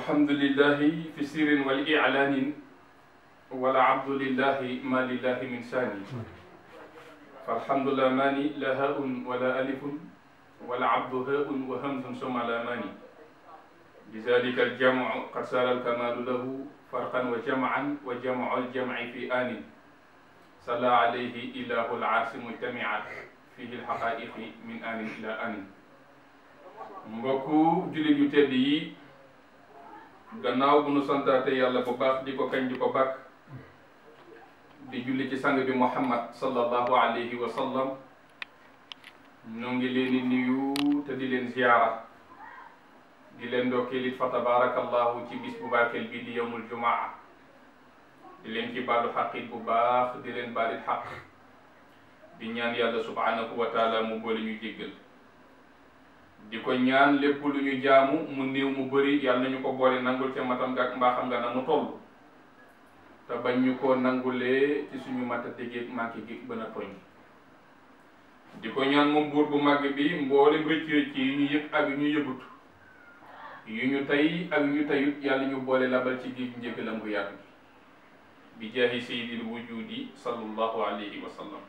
alhamdulillahi fi sirin wal ilaanin wala abdulillahi ma lillahi min saani falhamdulillah maani la haun wala alifun wala abdu haun wa hamsun summa la maani bizalika aljamu qad sara alkamalu lahu farqan wa jamaan wa jamaa aljamci fi aanin salla alayhi ilahu alarsi mujtamiat fihi alxaqaiqi min aanin ila aanin mbokku jullit yu tedd yi gannaaw bu nu santaate yàlla bu baax di ko kañ di ko bàkk di julli ci sang bi muhammad sallallahu alayhi wa sallam ñu ngi leen di nuyu te di leen ziyaara di leen ndokkeelit fa tabaarakallahu ci bis bu barkeel bi di yawmul jumaa di leen ci baalu xaqit bu baax di leen baalit xaq di ñaan yàlla subhanahu wa taala mu boole ñu jéggal di ko ñaan lépp lu ñu jaamu mu néew mu bari yàlla nañu ko boole nangul te matam nga ak mbaaxam nga na mu toll te bañ ñu ko nangulee ci suñu mata dégeeg manqué gi bën a toñ di ko ñaan moom buur bu màgg bi mboole rëcc rëcc yi ñu yëg ak ñu yëgut yu ñu tey ak ñu teyut yàlla ñu boole labal ci géej njëggalam bu yàgg bi jaahi sayyidil wujudi sallallahu alayhi wa sallam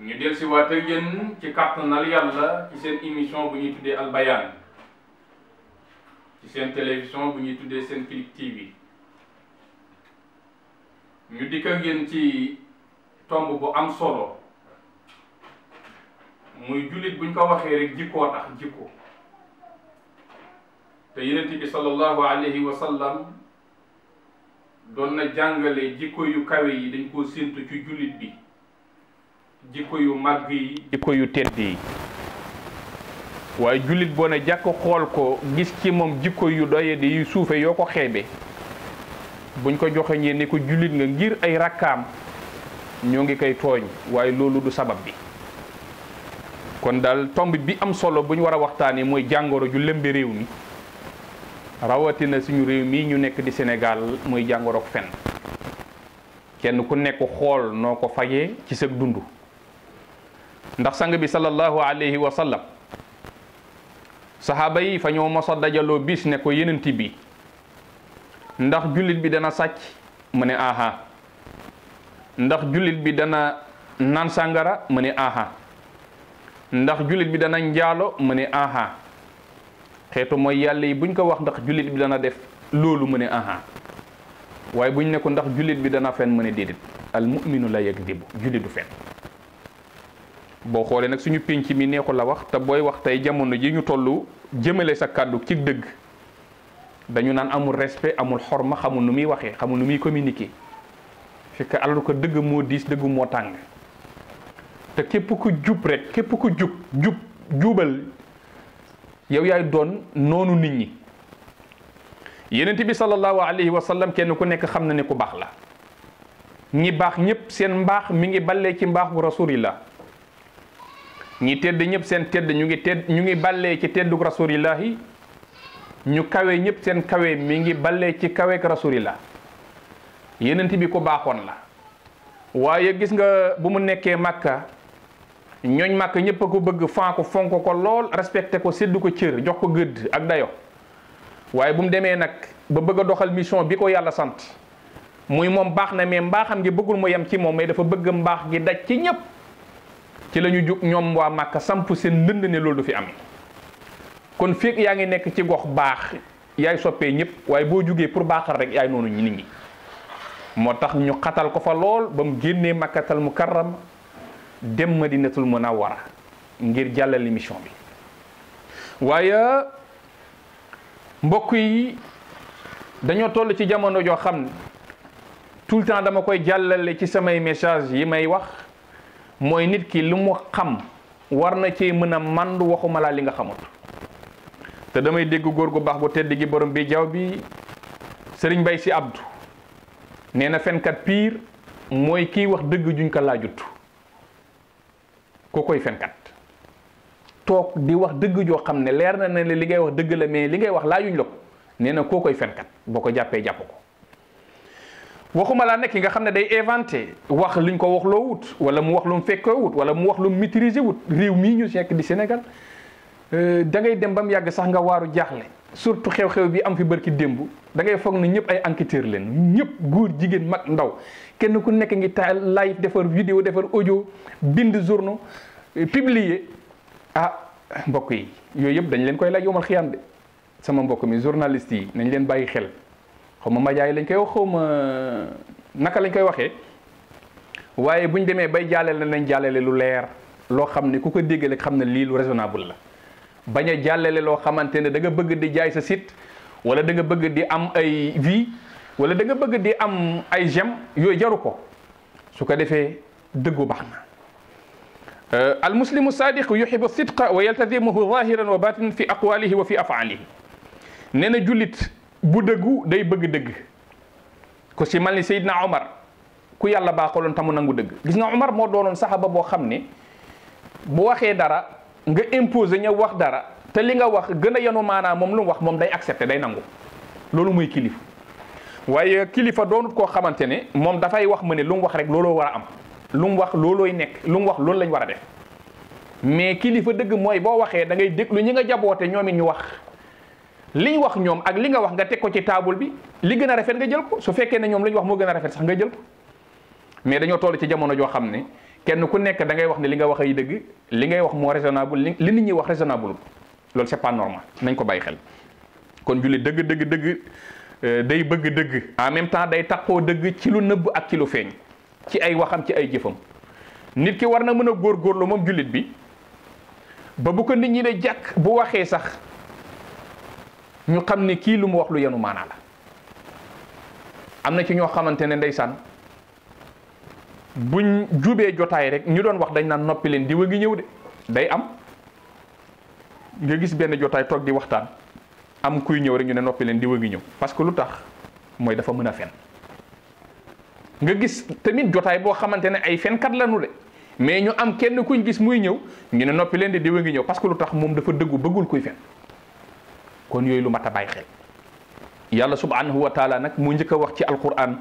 ñu del si waat ak yéen ci kàttanal yàlla ci seen émission bu ñuy tuddee albayaan ci seen télévision bu ñuy tuddee seen Senclic TV ñu dikk ak ci tomb bu am solo muy jullit buñ ko waxee rek jikkoo tax jikko te yonent bi sallallahu alayhi wa doon na jàngale jikko yu kawe yi dañ koo séntu ci jullit bi jikko yu màgg yi jikko yu tedd yi waaye jullit boo ne jàkk xool ko gis ci moom jikko yu doye di yu suufe yoo ko xeebe buñ ko joxeñee ni ko jullit nga ngir ay rakkaam ñoo ngi koy tooñ waaye loolu du sabab bi kon daal tomb bi am solo bu ñu war a waxtaanee mooy jàngoro ju lëmbe réew mi rawatina suñu réew mii ñu nekk di senegal mooy jàngoro ak fen kenn ku nekk xool noo ko fajee ci sa dund ndax sang bi sallallahu alayhi wa sallam saxaaba yi fa ñoo mos dajaloo bis ne ko yenenti bi ndax jullit bi dana sàcc mu ne aha ndax jullit bi dana naan sàngara mu ne aha ndax jullit bi dana njaalo mu ne aha xeetu mooy yàlla yi buñ ko wax ndax jullit bi dana def loolu mu ne aha waaye buñ ne ko ndax jullit bi dana fen mu ne déedéet al mu'minu la yakdibu jullit du fen boo xoolee nag suñu pénc mi nee ko la wax te booy wax tey jamono ji ñu tollu jëmale sa kàddu ci dëgg dañu naan amul respect amul xorma xamul nu muy waxee xamul nu muy communiquer fekk alors que dëgg moo diis dëgg moo tàng te képp ku jub rek képp ku jub jub jubal yow yaay doon noonu nit ñi yenent bi sallallahu alayhi wa sallam kenn ku nekk xam na ne ku baax la ñi baax ñépp seen mbaax mi ngi ballee ci mbaax bu rasulillah ñi tedd ñëpp seen tedd ñu ngi tedd ñu ngi balee ci teddug rasulillahi ñu kawe ñëpp seen kawee mi ngi ballee ci kaweeg rasulillah yenent bi ko baaxoon la waaye gis nga bu mu nekkee màkka ñooñ màkk ñëpp a ko bëgg fan ko fonk ko lool respecté ko séddu ko cër jox ko gëdd ak dayo waaye bu mu demee nag ba bëgg doxal mission bi ko yàlla sant muy moom baax na mais mbaaxam gi bëggul mu yem ci moom mais dafa bëgg mbaax gi daj ci ñëpp ci la ñu jóg ñoom waa Màkka samp seen ndënd ne loolu du fi am kon fekk yaa ngi nekk ci gox baax yaay soppee ñëpp waaye boo jugee pour baaxal rek yaay noonu ñu nit ñi moo tax ñu xatal ko fa lool ba mu génnee Makkatal Mukarram dem ma mën Madinatul Munawwara ngir jàllale mission bi waaye mbokk yi dañoo toll ci jamono joo xam ne tout le temps dama koy jàllale ci samay message yi may wax. mooy nit kii lu mu xam war na cee mën a màndu waxuma laa li nga xamut te damay dégg góor gu baax bu tedd gi borom bi jaaw bi sëriñ Bay si Abdou nee na fenkat piir mooy kiy wax dëgg juñ ko laajut koo koy fenkat toog di wax dëgg joo xam ne leer na ne li ngay wax dëgg la mais li ngay wax laajuñ la ko nee na koo koy fenkat boo ko jàppee jàpp ko waxuma laa nekk nga xam ne day inventé wax liñ ko wax loo wut wala mu wax lu mu fekkoo wut wala mu wax lu mu maîtriser wut réew mii ñu nekk di Sénégal euh, da ngay dem ba mu yàgg sax nga waaru jaaxle surtout xew-xew bi am fi bërki démb da ngay foog ne ñëpp ay enquêteur leen ñëpp góor jigéen mag ndaw kenn ku nekk ngi taal live defar vidéo defar ojo bind journaux euh, publier ah mbokk yi yooyu yëpp dañ leen koy laaj yomal sama mbokk mi journaliste yi nañ leen bàyyi xel. xaw ma majaay lañ koy wax xaw ma naka lañ koy waxee waaye buñ demee bay jàllale nañ jàllale lu leer loo xam ne ku ko déggale xam ne lii lu raisonnable la bañ a jàllale loo xamante ne da nga bëgg di jaay sa site wala da nga bëgg di am ay vi wala da nga bëgg di am ay gem yooyu jaru ko su ko defee dëggu baax na euh, al muslimu sadiq yuxibu sidqa wa yaltazimuhu zahiran wa batinan fi aqwalihi wa fi afaalihi nee na bu dëggu day bëgg dëgg ku si mel ni Seydina Omar ku yàlla baaxaloon tamu nangu dëgg gis nga Omar moo doonoon saxaba boo xam ne bu waxee dara nga imposer ñëw wax dara te li nga wax gën a yanu maanaa moom lu mu wax moom day accepté day nangu loolu muy kilifa waaye kilifa doonut koo xamante ne moom dafay wax ma ne lu mu wax rek looloo war a am lu mu wax loolooy nekk lu mu wax loolu lañ war a def mais kilifa dëgg mooy boo waxee da ngay déglu ñi nga jaboote ñoom it ñu wax li ñu wax ñoom ak li nga wax nga teg ko ci taabul bi li gën a rafet nga jël ko su fekkee ne ñoom li ñu wax moo gën a rafet sax nga jël ko mais dañoo toll ci jamono joo xam ne kenn ku nekk da ngay wax ne li nga wax ay dëgg li ngay wax moo raisonnable li nit ñi wax raisonnable loolu c'est pas normal nañ ko bàyyi xel kon julli dëgg dëgg dëgg euh, day bëgg dëgg en même temps day taqoo dëgg ci lu nëbb ak ci lu feeñ ci ay waxam ci ay jëfam nit ki war na mën a góorgóorlu moom jullit bi ba ko nit ñi ne jàkk bu waxee sax ñu xam ne kii lu mu wax lu yenu maanaa la am na ci ñoo xamante ne ndeysaan buñ jubee jotaay rek ñu doon wax dañ naan noppi leen diwa ngi ñëw de day am nga gis benn jotaay toog di waxtaan am kuy ñëw rek ñu ne noppi leen diwa ngi ñëw parce que lu tax mooy dafa mën a fen nga gis tamit jotaay boo xamante ne ay fenkat lañu de mais ñu am kenn ku kuñ gis muy ñëw ñu ne noppi leen di diwa ngi ñëw parce que lu tax moom dafa dëggu bëggul kuy fen kon yooyu lu mat a bàyyi xel yàlla subhanahu wa taalaa nag mu njëkk a wax ci alquran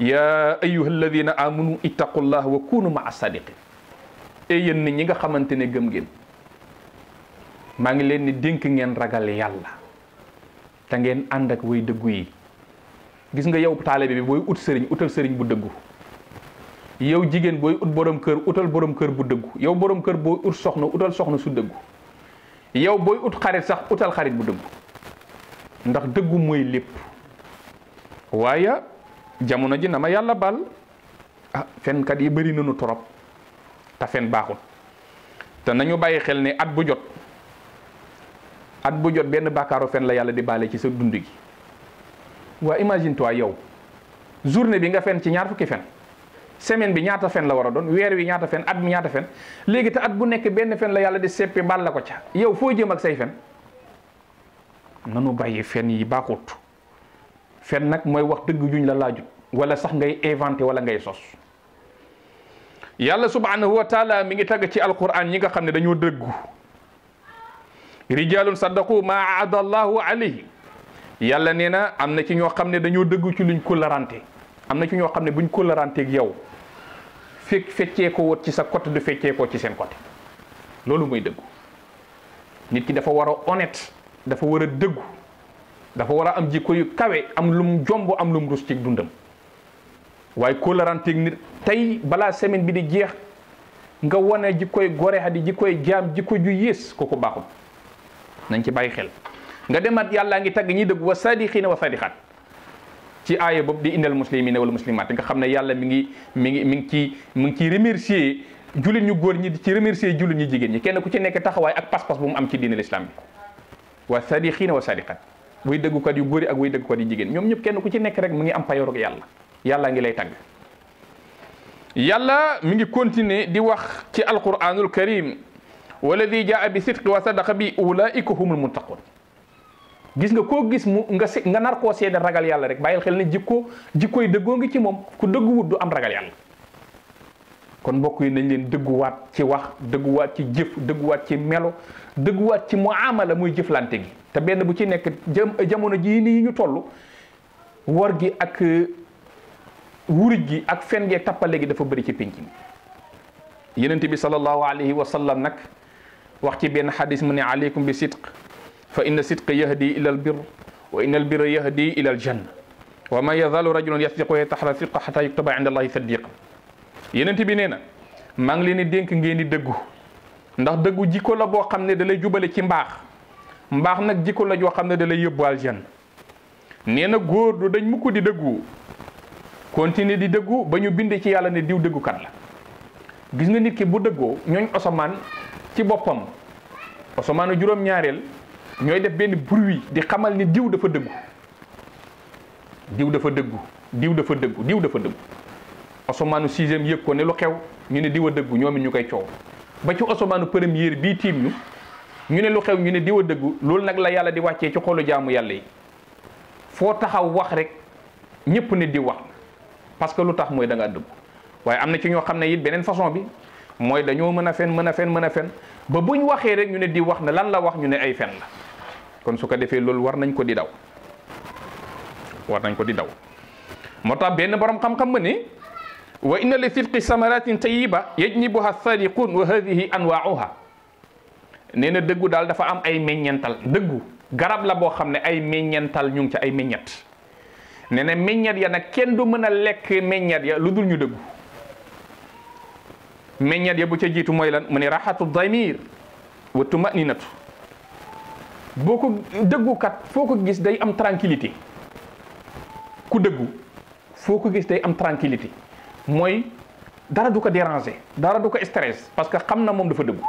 ya ayuha alladina amanu ittaqullah wa kunu maa sadiqin e yéen ni ñi nga xamante ne gëm ngeen maa ngi leen ni dénk ngeen ragal yàlla te ngeen ànd ak way dëggu yi gis nga yow taalibe bi booy ut sëriñ utal sëriñ bu dëggu yow jigéen booy ut borom kër utal borom kër bu dëggu yow borom kër booy ut soxna utal soxna su dëggu yow booy ut xarit sax utal xarit bu dëggu ndax dëggu mooy lépp waaye jamono ji na ma yàlla baal ah fenkat yi bëri nañu torop te fen baaxul te nañu bàyyi xel ni at bu jot at bu jot benn bàkkaaru fen la yàlla di baale ci sa dund gi waa imagine toi yow journée bi nga fen ci ñaar fukki fen semaine bi ñaata fen la war a doon weer wi ñaata fen at mi ñaata fen léegi te at bu nekk benn fen la yàlla di seppi baal la ko ca yow foo jëm ak say fen nanu bàyyi fenn yi baaxut fenn nag mooy wax dëgg juñ la laajut wala sax ngay inventé wala ngay sos yàlla subhanahu wa taala mi ngi tagg ci alquran ñi nga xam ne dañoo dëggu rijalun saddaqu ma aada allahu alayhi yàlla nee na am na ci ñoo xam ne dañoo dëggu ci luñ kólarante am na ci ñoo xam ne buñ kólaranteeg yow fekk feccee ko wot ci sa côté du feccee ko ci seen côté loolu mooy dëggu nit ki dafa war a dafa war a dëggu dafa war a am jikko yu kawe am lu mu jomb am lu mu rus ci dundam waaye kóolaranteeg nit tey balaa semaine bi di jeex nga wane jikkoy gore di jikkoy jaam jikko ju yées kooku baaxul nañ ci bàyyi xel nga demaat yàllaa ngi tagg ñi dëgg wa sadixiina wa sadixaat ci aaya boobu di indal muslimina wala muslimaat nga xam ne yàlla mi ngi mi ngi mi ngi ci mi ngi ciy remercier jullit ñu góor ñi di ci remercier jullit ñu jigéen ñi kenn ku ci nekk taxawaay ak pas bu mu am ci diine l'islam waa sadiqina wa sadiqat wuy dëggukat yu góori ak wuy dëggukat yu jigéen ñoom ñëpp kenn ku ci nekk rek mu ngi am payoor yàlla yàlla ngi lay tagg yàlla mi ngi continuer di wax ci alquranul karim waladi jaa bi sidqi wa sadaqa bi ulaika humul muttaqun gis nga koo gis mu nga si nga nar koo seede ragal yàlla rek bàyyil xel ne jikko jikkooy dëggoo ngi ci moom ku dëgguwut du am ragal yàlla kon mbokk yi nañ leen dëgguwaat ci wax dëgguwaat ci jëf dëgguwaat ci melo dëgguwaat ci muamala muy jëflante gi te benn bu ci nekk jëm jamono jii nii ñu toll wor gi ak euh, wuruj gi ak fen gi ak tappale gi dafa bëri ci pénc mi yenente bi sallallahu alayhi wa sallam nag wax ci benn xadis mu ne aleykum bi sidq fa inna sidqa yahdi ila al bir wa inna al birra yahdi ila al janna wa man yazalu rajulun yasdiqu yataxra sidqa xata yuktaba inda allahi sadiqa yenent bi nee na maa ngi leen di dénk ngeen di déggu ndax dëggu jikko la boo xam ne dalay jubale ci mbaax mbaax nag jikko la joo xam ne dalay lay yóbbu aljan nee na góor du dañ mukk di déggu continuer di dëggu ba ñu bind ci yàlla ne diw dëggukat la gis nga nit ki bu déggoo ñooñ osomaan ci boppam osomaanu juróom-ñaareel ñooy def benn bruit di xamal ni diw dafa dëggu diw dafa dëggu diw dafa dëggu diw dafa dëggu asomaanu sixième yëg ko ne lu xew ñu ne diwa dëggu ñoom it ñu koy coow ba ci asomaanu première bii tiim ñu ñu ne lu xew ñu ne diwa dëggu loolu nag la yàlla di wàccee ci xoolu jaamu yàlla yi foo taxaw wax rek ñëpp ne di wax parce que lu tax mooy da ngaa dëgg waaye am na ci ñoo xam ne it beneen façon bi mooy dañoo mën a fen mën a fen mën a fen ba buñ waxee rek ñu ne di wax na lan la wax ñu ne ay fen la kon su ko defee loolu war nañ ko di daw war nañ ko di daw wa inna li silqi samaratin tayiba yajnibuha sadiqun wa hadihi anwaauha nee na dëggu daal dafa am ay meññental dëggu garab la boo xam ne ay meññental ñu ngi ca ay meññet nee na meññet ya nag kenn du mën a lekk meññet ya lu dul ñu dëggu meññet ya bu ca jiitu mooy lan mu ne raxatu damir wa tumaninatu boo ko dëggukat foo ko gis day am tranquillité ku dëggu foo ko gis day am tranquillité mooy dara du ko déranger dara du ko stress parce que xam na moom dafa dëggu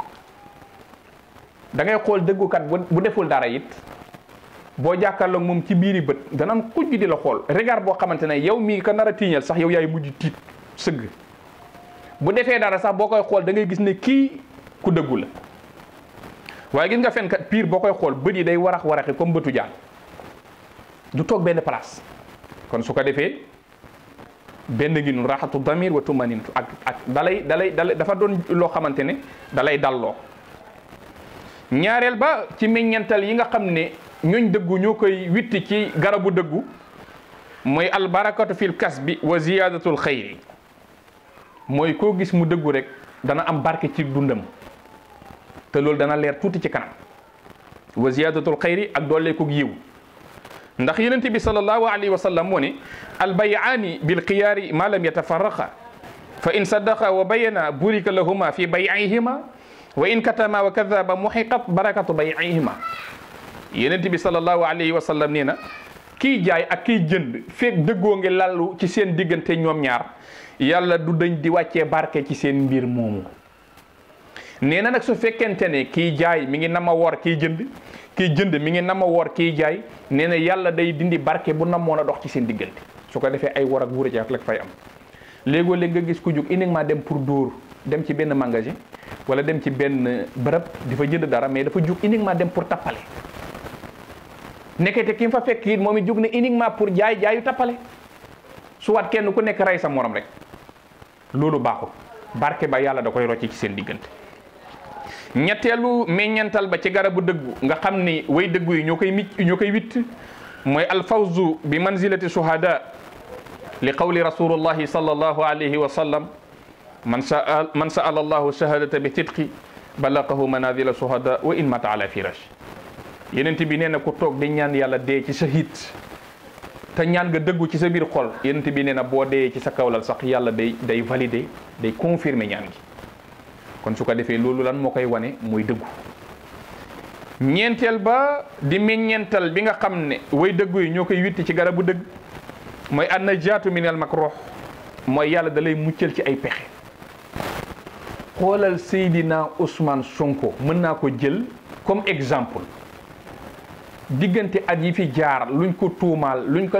dangay xool dëggukat bu deful dara yit boo jàkkaarloog moom ci biir yi bët danaan xujj di la xool regard boo xamante ne yow mii ko nar a tiiñal sax yow yaay mujj tiit sëgg bu defee dara sax boo koy xool da ngay gis ne kii ku dëggu la waaye gis nga fenkat piir boo koy xool bët yi day warax waraxi comme bëtu jaan du toog benn place kon su ko defee benn ngi nun raxatu damir wa tumanintu ak ak dalay dalay dafa doon loo xamante ne dalay dalloo ñaareel ba ci meññantal yi nga xam ne ñooñ dëggu ñoo koy witti ci garabu dëggu mooy albarakatu fil kasbi wa ziyadatul xayri mooy koo gis mu dëggu rek dana am barke ci dundam te loolu dana leer tuuti ci kanam wa ziyadatul xayri ak dooleeku yiw ndax yonent bi sallallahu alayhi wa sallam moo ne albayaani bilxiyaari ma lam yatafaraqa fa in saddaqa wa bayana burika lahuma fi bayihima wa in katama wa kadaba muhiqat barakatu bayihima yonent bi sallallahu alayhi wa sallam nee na kiy jaay ak kiy jënd feeg dëggoo ngi lalu ci seen diggante ñoom ñaar yàlla du dañ di wàccee barke ci seen mbir moomu nee na nag su fekkente ne kii jaay mi ngi nama wor kiy jënd kiy jënd mi ngi nama woor kiy jaay nee na yàlla day dindi barke bu namoon a dox ci seen diggante su ko defee ay war ak wuure ci ak fay am léegoo léeg nga gis ku jug uniquement dem pour dóor dem ci benn magasin wala dem ci benn bërëb di fa jënd dara mais dafa jug uniquement dem pour tappale nekkete ki fa fekk it moom it jug ne uniquement pour jaay jaayu tappale suwaat kenn ku nekk rey sa morom rek loolu baaxul barke ba yàlla da koy rocc ci seen diggante ñetteelu meññantal ba ci garabu dëggu nga xam ni way dëggu yi ñoo koy micc ñoo koy witt mooy alfawzu bi manzilati shuhada li qawli rasulullahi sallallahu alayhi wa sallam man saa man saala allahu shahadata bi sidqi balaqahu manazila shuhada wa in mata ala firash yenent bi nee na ku toog di ñaan yàlla dee ci shahid te ñaan nga dëggu ci sa biir xol yenent bi nee na boo dee ci sa kawlal sax yàlla day day validé day confirmer ñaan gi kon su ko defee loolu lan moo koy wane mooy dëggu ñeenteel ba di meññeental bi nga xam ne way dëggu yi ñoo koy witti ci garabu dëgg mooy an najaatu minal makruh mooy yàlla dalay lay muccal ci ay pexe xoolal Seydina Ousmane Sonko mën naa ko jël comme exemple diggante at yi fi jaar luñ ko tuumaal luñ ko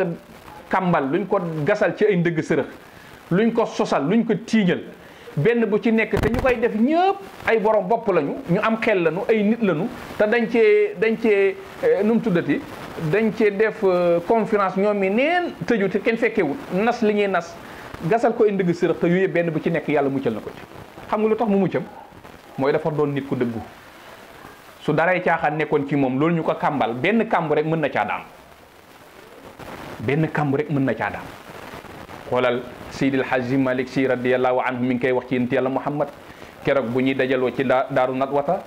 kàmbal luñ ko gasal ci ay ndëgg sërëx luñ ko sosal luñ ko tiiñal benn bu ci nekk te ñu koy def ñëpp ay borom bopp lañu ñu am xel lañu ay nit lañu te dañ cee dañ cee eh, nu mu tuddati dañ cee def euh, conférence ñoom mi neen tëju te kenn fekkewul nas li ñuy nas gasal ko indi sërëx te yooyu benn bu ci nekk yàlla muccal na ko ci. xam nga lu tax mu muccam mooy dafa doon nit ku dëggu su daray caaxaan nekkoon ci moom loolu ñu ko kàmbal benn kàmbu rek mën na caa daam benn kàmb rek mën na caa daam. xoolal Seydil Hadji Malick Sy radiyallahu anhu mi ngi koy wax ci yonent yàlla Muhammad keroog bu ñuy dajaloo ci daa daaru nat wata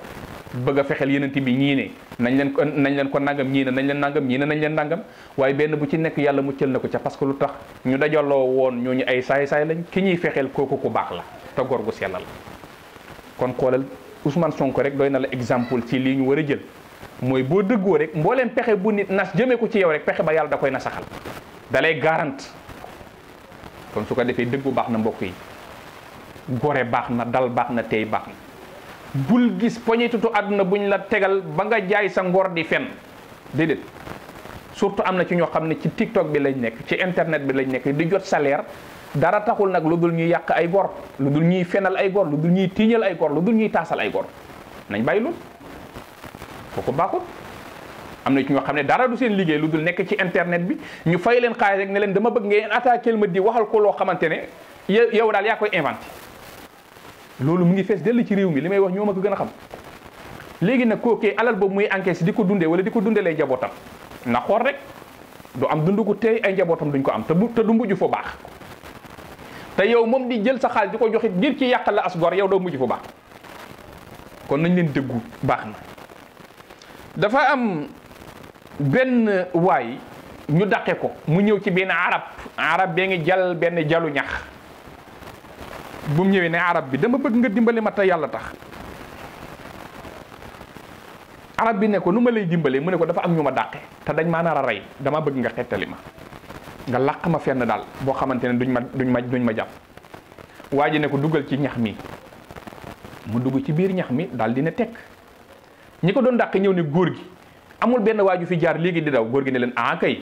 bëgg a fexeel yenent bi ñii ne nañ leen ko nañ leen ko nangam ñii ne nañ leen nangam ñii ne nañ leen nangam waaye benn bu ci nekk yàlla mu muccal na ko ca parce que lu tax ñu dajaloo woon ñooñu ay saay-saay lañ ki ñuy fexeel kooku ku baax la te góor gu sell la kon xoolal Ousmane sonk rek doy na la exemple ci lii ñu war a jël mooy boo dëggoo rek mbooleem pexe bu nit nas jëmee ko ci yow pexe ba yàlla da koy nasaxal da kon su ko defee dëggu baax na mbokk yi gore baax na dal baax na tey baax na bul gis poñetutu àdduna buñ la tegal ba nga jaay sa ngor di fen déedéet surtout am na ci ñoo xam ne ci tiktok bi lañ nekk ci internet bi lañ nekk di jot salaire dara taxul nag lu dul ñuy yàq ay gor lu dul ñuy fenal ay gor lu dul ñuy tiiñal ay gor lu dul ñuy taasal ay gor nañ bàyyi loolu kooku baaxul am na ci ñoo xam ne dara du seen liggéey lu dul nekk ci internet bi ñu fay leen xaalis rek ne leen dama bëgg ngeen attaqué ma di waxal ko loo xamante ne yow daal yaa koy inventé loolu mu ngi fees dell ci réew mi li may wax ñoo ma ko gën a xam léegi nag kookee alal boobu muy encaisse di ko dundee wala di ko dundalee njabootam na xool rek du am dund ko tey ay njabootam duñ ko am te bu te du mujj fu baax te yow moom di jël sa xaalis di ko joxit ngir ci yàqal la as gor doo mujj fu baax kon nañ leen déggu baax na benn waay ñu daqe ko mu ñëw ci benn arab arab bee ngi jal benn jalu ñax bu mu ñëwee ne arab bi dama bëgg nga dimbali ma te yàlla tax arab bi ne ko nu ma lay dimbalee mu ne ko dafa am ñu ma dàqe te dañ maa nar a rey dama bëgg nga xettali ma nga làq ma fenn daal boo xamante ne duñ ma duñ ma duñ ma jàpp waa ji ne ko dugal ci ñax mi mu dugg ci biir ñax mi daal di ne tekk ñi ko doon dàqe ñëw ne góor gi amul benn waaju fi jaar léegi di daw góor gi ne leen ah kay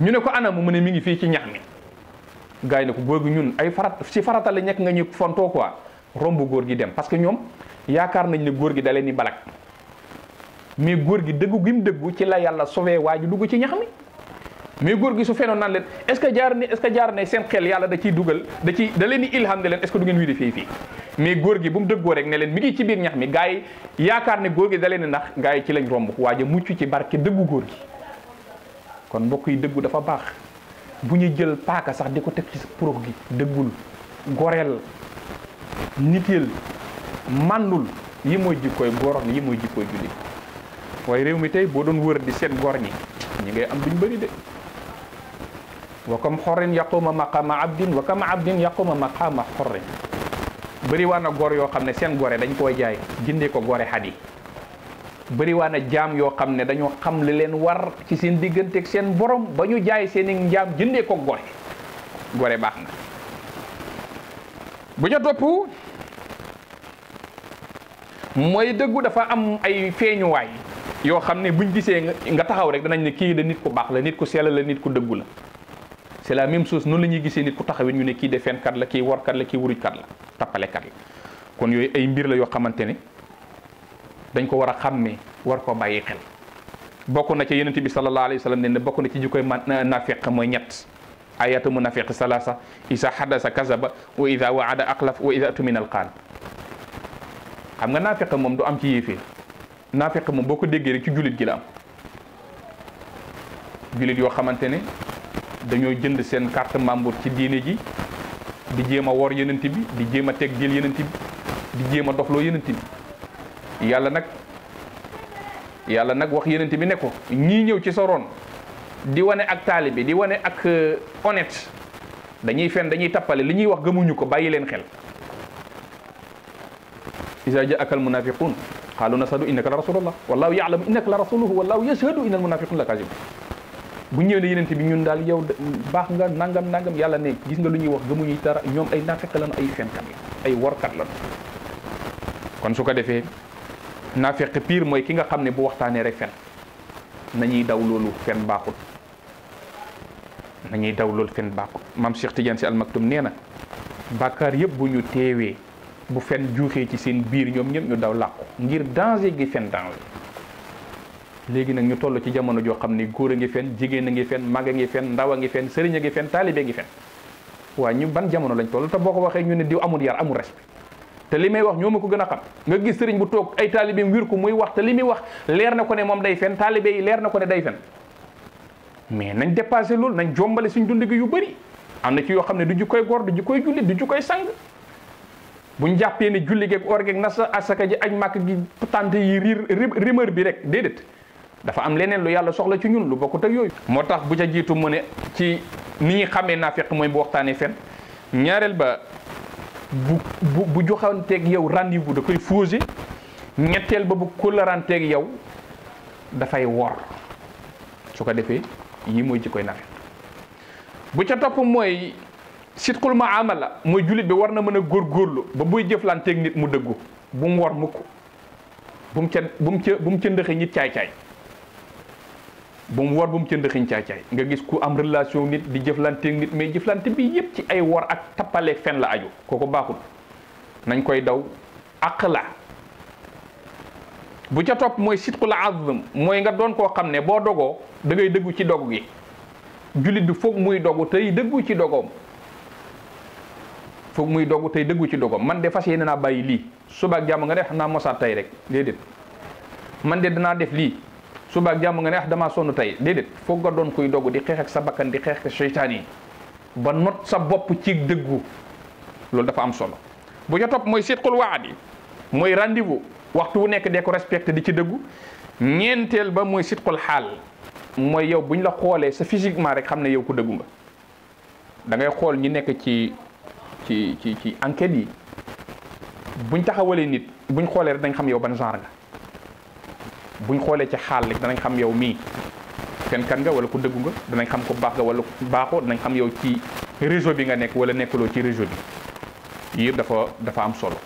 ñu ne ko anam mu ne mi ngi fii ci ñax mi gars yi ne ko góor gi ñun ay farat si faratale la ñekk nga ñu fontoo quoi romb góor gi dem parce que ñoom yaakaar nañ ne góor gi da leen ni balak mais góor gi dëggu gi mu dëggu ci la yàlla sauvé waaju dugg ci ñax mi mais góor gi su fenoon naan leen est ce que jaar ni est ce que jaar ne seen xel yàlla da ciy dugal da ciy da leen di ilham ne leen est ce que wii di fii fii mais góor gi bu mu dëggoo rek ne leen mi ngi ci biir ñax mi gars yaakaar ne góor gi da leen ndax gars ci lañ romb waa ja ci barke dëggu góor gi mbokk yi dëggu dafa baax bu ñu jël paaka sax di ko teg ci prox gi dëggul goreel niteel màndul yi mooy jikkooy goron yi mooy jikkooy jullit waaye réew mi tey boo doon wër di seen gor ñi ñi ngay am duñ bëri de wa kam xorrin yaquma maqama abdin wa kam abdin yaquma maqama ma bëri waa na gor yoo xam ne seen gore dañ koy jaay jëndee ko gore xadi yi waa na jaam yoo xam ne dañoo xam li leen war ci seen diggante ak seen borom ba ñu jaay seen njaam jëndee ko gore gore baax na bu ñu topp mooy dëggu dafa am ay feeñuwaay yoo xam ne buñ gisee nga taxaw rek danañ ne kii da nit ku baax la nit ku sell la nit ku dëggu la c'est la même chose noonu la ñuy gisee nit ku taxawee ñu ne kii defeenkat la kii warkat la kii wurujkat la tappalekat la kon yooyu ay mbir la yoo xamante ne dañ ko war a xàmmee war ko bàyyi xel bokk na ci yonent bi sallallahu alayhi wa bokk na ci jikkoy naafeq mooy ñett ayatu munafiqi salaasa isa xadasa kazaba wa ida waada aqlaf wa ida tuminal qaal moom du am ci yéefee naafeq moom boo ko déggee rek ci jullit gi la am jullit yoo xamante ne dañoo jënd seen carte membre ci diine ji di jéem a wor yenent bi di jéem a teg jël yenent bi di jéem a doxloo yenent bi yàlla nag yàlla nag wax yenent bi ne ko ñii ñëw ci sa di wane ak bi di wane ak euh, honnête dañuy fen dañuy tappale li ñuy wax gëmuñu ko bàyyi leen xel isa jaaka al munafiqun qaalu nasadu innaka la rasulullah wallahu yaalamu innaka la rasuluhu wallahu yashhadu inna al munafiqun la kazibun bu ñëwee ne yenente bi ñun daal yow baax nga nangam nangam yàlla ne gis nga lu ñuy wax gëmuñuy dara ñoom ay naafeq lañu ay fenkat la ay warkat lañu kon su ko defee naafeq piir mooy ki nga xam ne bu waxtaanee rek fen nañuy daw loolu fen baaxul nañuy daw loolu fen baaxul maam Cheikh Tidiane si almaktum nee na bàkkaar yëpp bu ñu teewee bu fen juuxee ci seen biir ñoom ñëpp ñu daw làqu ngir danger gi fen danger léegi nag ñu toll ci jamono joo xam ni góor a ngi fen jigéen a ngi fen mag ngi fen ndaw a ngi fen sëriñ a ngi fen taalibe a ngi fen waa ñu ban jamono lañ toll te boo ko waxee ñu ne diw amul yar amul respect te li may wax ñoo ma ko gën a xam nga gis sëriñ bu toog ay taalibeem wir ko muy wax te li may wax leer na ko ne moom day fen taalibe yi leer na ko ne day fen mais nañ dépassé loolu nañ jombale suñ dund gi yu bari am na ci yoo xam ne du ju koy góor du koy jullit du ju koy sang buñ jàppee ne julli geeg or geeg nasa asaka ji aj màkk gi tante yi riir rumeur bi rek déedéet dafa am leneen lu yàlla soxla ci ñun lu bokkut ak yooyu. moo tax bu ca jiitu mu ne ci ni ñuy naa naafeq mooy bu waxtaanee fen ñaareel ba bu bu bu joxanteeg yow rendez-vous da koy fausé ñetteel ba bu kóllaranteeg yow dafay wor su ko defee yi mooy ci koy bu ca topp mooy sitqul muamala mooy jullit bi war na mën a góor góorlu ba buy jëflanteeg nit mu dëggu bu mu wor mukk bu mu ca bu mu ca bu mu ca ndëxe nit caay-caay. ba mu war ba mu cënd xiñ caay-caay nga gis ku am relation nit di jëflanteeg nit mais jëflante bi yëpp ci ay wor ak tappale fen la aju kooku baaxul nañ koy daw àq la bu ca topp mooy sitqul azm mooy nga doon koo xam ne boo dogoo da ngay dëggu ci dog gi jullit bi foog muy dogu tey dëggu ci dogoom foog muy dogu tey dëggu ci dogoom man de fas yéene naa bàyyi lii suba ak jàmm nga def xam naa mosaat tey rek déedéet man de danaa def lii suba ak jàmm nga ne ah damaa sonn tey déedéet foog nga doon kuy dogu di xeex sa bakkan di xeex ak seytaan yi ba not sa bopp ci dëggu loolu dafa am solo bu ca topp mooy sidqul yi mooy rendez-vous waxtu wu nekk dee ko respecté di ci dëggu ñeenteel ba mooy sidqul xaal mooy yow buñ la xoolee sa physiquement rek xam ne yow ku dëggu nga da ngay xool ñi nekk ci ci ci ci enquête yi buñ taxawalee nit buñ xoolee rek dañ xam yow ban genre nga. buñ xoolee ci xaal rek danañ xam yow mii fenkan nga wala ku dëggu nga danañ xam ko baax nga wala baaxoo danañ xam yow ci réseau bi nga nekk wala nekkuloo ci réseau bi yëpp dafa dafa am solo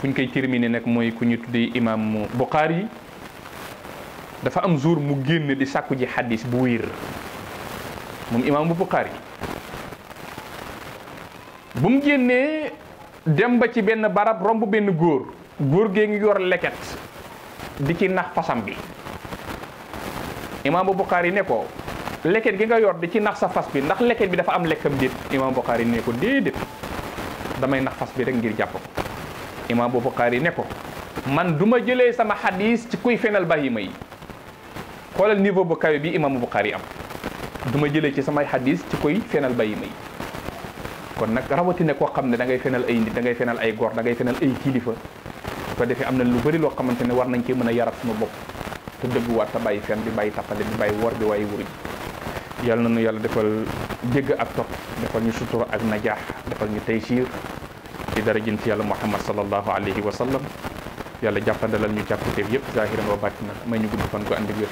fu ñu koy terminer nag mooy ku ñu tuddee imam Bukhari yi dafa am jour mu génn di sàkku ji xadis bu wér moom imam bu Bukhari yi bu mu génnee dem ba ci benn barab romb benn góor góor gee ngi yor leket di ci nax fasam bi imaamu Buxaari ne ko leket gi nga yor di ci nax sa fas bi ndax leket bi dafa am lekkam déet imaamu Buxaari ne ko déedéet damay nax fas bi rek ngir jàpp ko imaamu Buxaari ne ko man duma jëlee sama xadis ci koy fenal bahima yi xoolal niveau bu kawe bi imaamu Buxaari am du ma jëlee ci samay xadis ci kuy fenal bahima yi kon nag rawatina koo xam ne da ngay fenal ay nit dangay fenal ay gor dangay fenal ay kilifa su ko defee am na lu bëri loo xamante ne war nañ cee mën a yarat suñu bopp te dëgguwaat te bàyyi fen di bàyyi tappale di bàyyi wor di waaye wuruj yàlla na nu yàlla defal jégg ak topp defal ñu sutura ak najaax defal ñu tey taysiir ci dara jën ci yàlla muhammad sallallahu alayhi wa sallam yàlla jàppandalal ñu jàpputeef yëpp zahiran wa baatina may ñu gudd fan ko ànd ak wér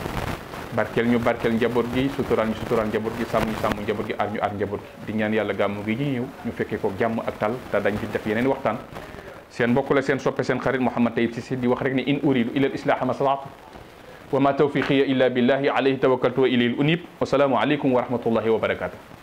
barkeel ñu barkeel njaboot gi suturaan ñu suturaan njaboot gi sàmm ñu sàmm njaboot gi aar ñu aar njaboot gi di ñaan yàlla gàmmu gi ñu ñëw ñu fekkee ko jàmm ak tal dañ fi def yeneen waxtaan seen mbokk la seen soppe seen xarit Mouhamed Tayyib Cissé di wax rek ne in uridu illa al islaha ma stataatu wa ma tawfiqiya illa billahi alayhi tawakkaltu wa ilayhi unib wa salaamu aleykum wa rahmatullahi wa barakatuh